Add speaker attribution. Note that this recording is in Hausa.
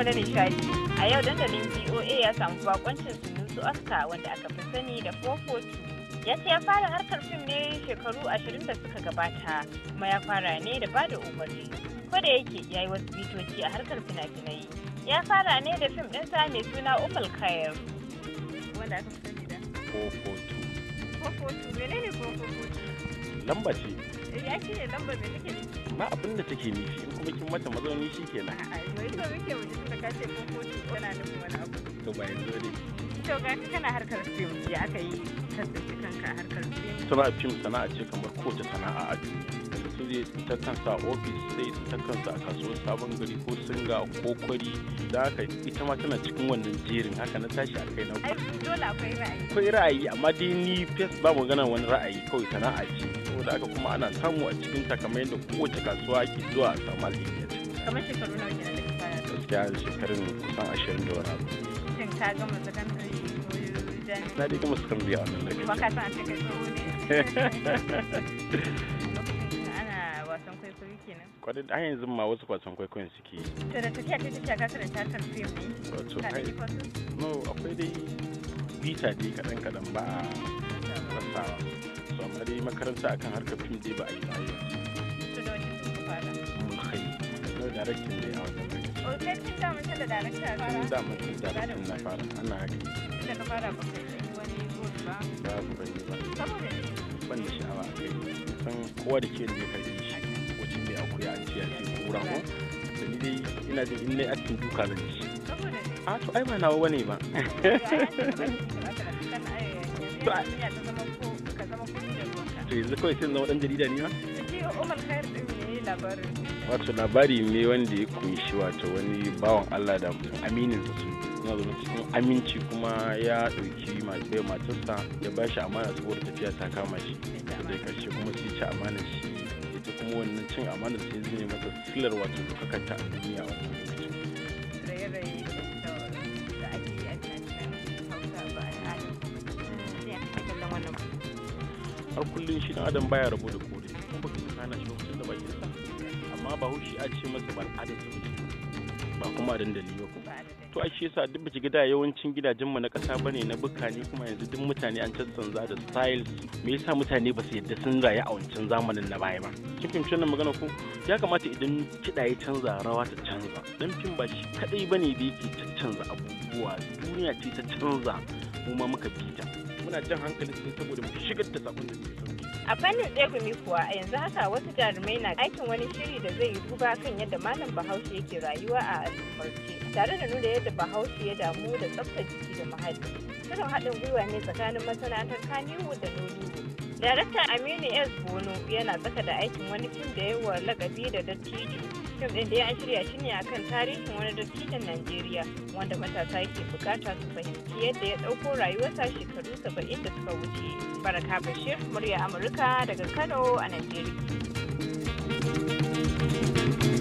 Speaker 1: mu na nishadi. A yau dandalin VOA ya samu bakoncin su Oscar wanda aka fi sani da 440 Ya ce ya fara harkar fim ne shekaru 20 da suka gabata, kuma ya fara ne da bada umarni. Ko da yake ya yi wasu bitoci a harkar fina-finai. Ya fara ne da fim ɗinsa mai suna Umar Kayar. Wanda aka fi sani da?
Speaker 2: 442.
Speaker 1: 442, menene 442?
Speaker 2: Lamba ce.
Speaker 1: Ya shi ne lambar da take nufi.
Speaker 2: Ma abin da take nufi in kuma kin mata mazauni shi ke nan.
Speaker 1: A'a, bai so muke mu tunda ka ce ko kotu tana nufin wani
Speaker 2: abu. To ba yanzu ne.
Speaker 1: To ga kana harkar fim ya aka yi kan kanka harkar fim.
Speaker 2: Sana'a fim sana'a ce kamar kowace sana'a a duniya. zai ta kansa ofis sai ta kansa a kasuwar sabon gari ko singa ko kwari da haka ita ma tana cikin wannan jerin haka na tashi a kai na ai
Speaker 1: dole akwai ra'ayi
Speaker 2: akwai ra'ayi amma dai ni fes ba magana wani ra'ayi kawai sana'a ce saboda haka kuma ana samu a cikin ta kamar yadda kowace kasuwa ke zuwa a samu alheri
Speaker 1: kamar shekaru nawa kenan da fara
Speaker 2: gaskiya shekarun kusan ashirin da wani abu shin
Speaker 1: ka gama sakandare ko
Speaker 2: na dai gama sakandare a wannan lokacin ba ka san a cikin ne
Speaker 1: kenan
Speaker 2: kwadin a yanzu ma wasu kwasan kwaikwayon suke yi
Speaker 1: to da tafiya ta tafiya ka karanta kan fim ne
Speaker 2: wato kai no akwai dai bita dai kadan kaɗan ba a rasawa so amma dai makaranta akan harkar fim dai ba a yi ba yau to da wajen sun fara mulkai no directing dai a wannan oh, kai
Speaker 1: o kai kin da mun da director fara da mun da director na
Speaker 2: fara ana haka da ka fara ba kai wani gobe ba ba ban yi ba saboda ban da sha'awa a kai san kowa da ke da kai akuya an ko ni dai ina duka a to ai ba nawa ba to yanzu kawai sai zama dan jarida ne wato labari ne wanda ya kunshi wato wani bawan Allah da aminin su na cikin aminci kuma ya ɗauki matarsa ya ba shi amana saboda tafiya ta kama shi da karshe kuma ci amanar shi kuma wannan cin amanar sai zai mata silar wato dokakanta a duniya a wannan lokacin. har kullum shi dan adam baya rabu da kore kuma baka hana shi wasu da bakinsa amma ba hushi a ce masa ba al'adar sa ba kuma dandali ba to a shi yasa duk biki gida yawancin gidajenmu na kasa bane na buka kuma yanzu duk mutane an canza da style me yasa mutane ba su yadda sun rayu a wancan zamanin na baya ba kin cin wannan magana ko ya kamata idan kiɗa ya canza rawa ta canza dan fim ba shi kadai bane da yake canza abubuwa duniya ce ta canza mu ma muka bita muna jan hankali saboda mu shigar da sakon da ke
Speaker 1: A fannin tsegumi kuwa a yanzu haka wasu jarumai na aikin wani shiri da zai yi duba kan yadda malam Bahaushe yake rayuwa a al'ummarce tare da nuna yadda Bahaushe ya damu da tsaftar jiki da muhalli. Shirin haɗin gwiwa ne tsakanin masana'antar kaniwu da Nollywood. Darakta Aminu S. Bono yana tsaka da aikin wani fim da yawa lakabi da dattijo fim ɗin da ya shirya shi ne a kan tarihin wani dattijan najeriya wanda matasa yake bukata su fahimci yadda ya ɗauko rayuwarsa shekaru saba'in da suka wuce baraka bashir murya amurka daga kano a najeriya